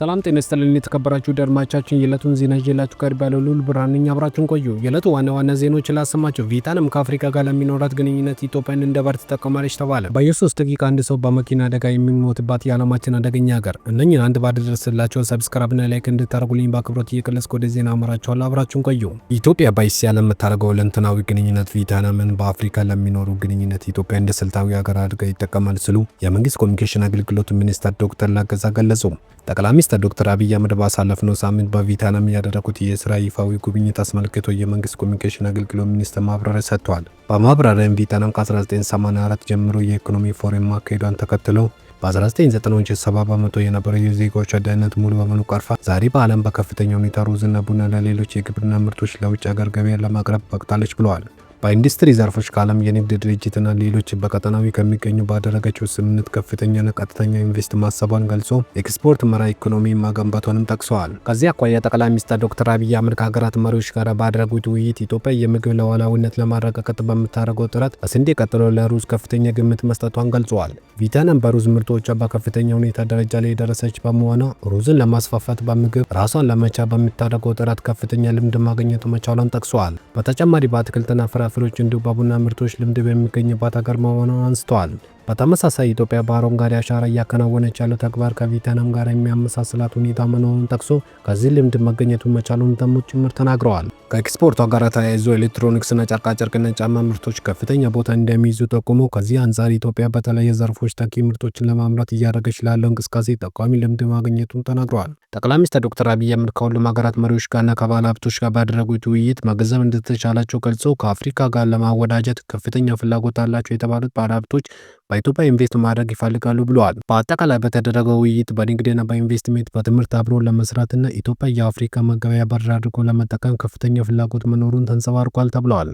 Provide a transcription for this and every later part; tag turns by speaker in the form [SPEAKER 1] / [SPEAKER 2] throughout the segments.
[SPEAKER 1] ሰላም ጤና ይስጥልን የተከበራችሁ ደርማቻችን የዕለቱን ዜና ይዤላችሁ ቀርብ ያለው ሉል ብርሃን ነኝ። አብራችሁን ቆዩ። የዕለቱ ዋና ዋና ዜናዎች ላሰማችሁ። ቪየትናም ከአፍሪካ ጋር ለሚኖራት ግንኙነት ኢትዮጵያን እንደ በር ትጠቀማለች ተባለ። በየሶስት ደቂቃ አንድ ሰው በመኪና አደጋ የሚሞትባት የዓለማችን አደገኛ ሀገር። እነኝን አንድ ባድ ደርስላቸው ሰብስክራይብና ላይክ እንድታደርጉልኝ በአክብሮት እየገለጽኩ ወደ ዜና አመራችኋለሁ። አብራችሁን ቆዩ። ኢትዮጵያ በእስያ ለምታደርገው ሁለንተናዊ ግንኙነት ቪየትናምን በአፍሪካ ለሚኖሩ ግንኙነት ኢትዮጵያ እንደ ስልታዊ ሀገር አድርጋ ይጠቀማል ሲሉ የመንግስት ኮሚኒኬሽን አገልግሎት ሚኒስትር ዶክተር ላገዛ ገለጹ። ጠቅላይ ሚኒስትር ዶክተር አብይ አህመድ ባሳለፍነው ሳምንት በቪየትናም ያደረጉት የስራ ይፋዊ ጉብኝት አስመልክቶ የመንግስት ኮሚኒኬሽን አገልግሎት ሚኒስትር ማብራሪያ ሰጥተዋል። በማብራሪያም ቪየትናም ከ1984 ጀምሮ የኢኮኖሚ ፎረም ማካሄዷን ተከትሎ በ1990ዎቹ 70 በመቶ የነበረው የዜጎቿ ድህነት ሙሉ በሙሉ ቀርፋ ዛሬ በዓለም በከፍተኛ ሁኔታ ሩዝና ቡና ለሌሎች የግብርና ምርቶች ለውጭ ሀገር ገበያ ለማቅረብ በቅታለች ብለዋል። በኢንዱስትሪ ዘርፎች ከዓለም የንግድ ድርጅትና ሌሎች በቀጠናዊ ከሚገኙ ባደረገችው ስምምነት ከፍተኛና ቀጥተኛ ኢንቨስት ማሰቧን ገልጾ ኤክስፖርት መራ ኢኮኖሚ መገንባቷንም ጠቅሰዋል። ከዚህ አኳያ ጠቅላይ ሚኒስትር ዶክተር አብይ አህመድ ከሀገራት መሪዎች ጋር ባደረጉት ውይይት ኢትዮጵያ የምግብ ለዋላዊነት ለማረጋገጥ በምታደርገው ጥረት ከስንዴ ቀጥሎ ለሩዝ ከፍተኛ ግምት መስጠቷን ገልጸዋል። ቪየትናም በሩዝ ምርቶቿ በከፍተኛ ሁኔታ ደረጃ ላይ የደረሰች በመሆኗ ሩዝን ለማስፋፋት በምግብ ራሷን ለመቻ በምታደርገው ጥረት ከፍተኛ ልምድ ማግኘቱ መቻሏን ጠቅሰዋል። በተጨማሪ በአትክልትና ፍራ ፍራፍሬዎች እንዲሁ በቡና ምርቶች ልምድ በሚገኝባት ሀገር መሆኗን አንስተዋል። በተመሳሳይ ኢትዮጵያ በአረንጓዴ አሻራ እያከናወነች ያለው ተግባር ከቬትናም ጋር የሚያመሳስላት ሁኔታ መኖሩን ጠቅሶ ከዚህ ልምድ መገኘቱ መቻሉን ተሞች ጭምር ተናግረዋል። ከኤክስፖርቷ ጋር ተያይዞ ኤሌክትሮኒክስና ጨርቃጨርቅና ጫማ ምርቶች ከፍተኛ ቦታ እንደሚይዙ ጠቁሞ ከዚህ አንጻር ኢትዮጵያ በተለያየ ዘርፎች ተኪ ምርቶችን ለማምራት እያደረገች ላለው እንቅስቃሴ ጠቋሚ ልምድ ማግኘቱን ተናግረዋል። ጠቅላይ ሚኒስትር ዶክተር አብይ አህመድ ከሁሉም ሀገራት መሪዎች ጋርና ከባለ ሀብቶች ጋር ባደረጉት ውይይት መገንዘብ እንደተቻላቸው ገልጸው ከአፍሪካ ጋር ለማወዳጀት ከፍተኛ ፍላጎት አላቸው የተባሉት ባለ ሀብቶች በኢትዮጵያ ኢንቨስት ማድረግ ይፈልጋሉ ብለዋል። በአጠቃላይ በተደረገው ውይይት በንግድና በኢንቨስትሜንት በትምህርት አብሮ ለመስራትና ኢትዮጵያ የአፍሪካ መገበያ በር አድርጎ ለመጠቀም ከፍተኛ ፍላጎት መኖሩን ተንጸባርቋል ተብለዋል።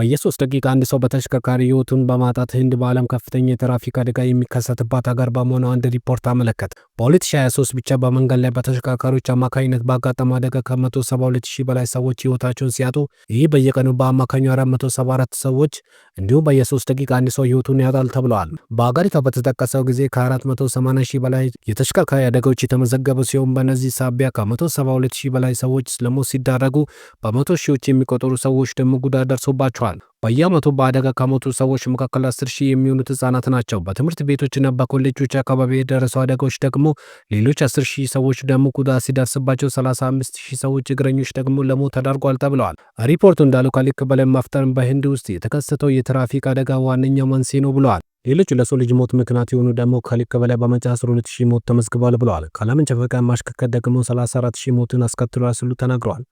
[SPEAKER 1] በየሶስት ደቂቃ አንድ ሰው በተሽከርካሪ ህይወቱን በማጣት ህንድ በዓለም ከፍተኛ የትራፊክ አደጋ የሚከሰትባት ሀገር በመሆኑ አንድ ሪፖርት አመለከት በ በ2023 ብቻ በመንገድ ላይ በተሽከርካሪዎች አማካኝነት በአጋጠመ አደጋ ከ172 ሺህ በላይ ሰዎች ህይወታቸውን ሲያጡ፣ ይህ በየቀኑ በአማካኙ 474 ሰዎች እንዲሁም በየሶስት ደቂቃ አንድ ሰው ህይወቱን ያጣል ተብለዋል። በአገሪቷ በተጠቀሰው ጊዜ ከ480 ሺህ በላይ የተሽከርካሪ አደጋዎች የተመዘገበ ሲሆን በእነዚህ ሳቢያ ከ172 ሺህ በላይ ሰዎች ለሞት ሲዳረጉ በመቶ ሺዎች የሚቆጠሩ ሰዎች ደግሞ ጉዳት ደርሶባቸዋል። ተናግሯል። በየዓመቱ በአደጋ ከሞቱ ሰዎች መካከል አስር ሺህ የሚሆኑት ህጻናት ናቸው። በትምህርት ቤቶችና በኮሌጆች አካባቢ የደረሰው አደጋዎች ደግሞ ሌሎች አስር ሺህ ሰዎች ደግሞ ጉዳት ሲደርስባቸው ሰላሳ ሺህ ሰዎች እግረኞች ደግሞ ለሞት ተዳርጓል ተብለዋል። ሪፖርቱ እንዳለው ከልክ በላይ ማፍጠን በህንድ ውስጥ የተከሰተው የትራፊክ አደጋ ዋነኛ መንስኤ ነው ብለዋል። ሌሎች ለሰው ልጅ ሞት ምክንያት የሆኑ ደግሞ ከልክ በላይ በመጫ 12 ሺህ ሞት ተመዝግቧል ብለዋል። ካለመንጨፈቃ ማሽከርከር ደግሞ 34 ሺህ ሞትን አስከትሏል ሲሉ ተናግረዋል።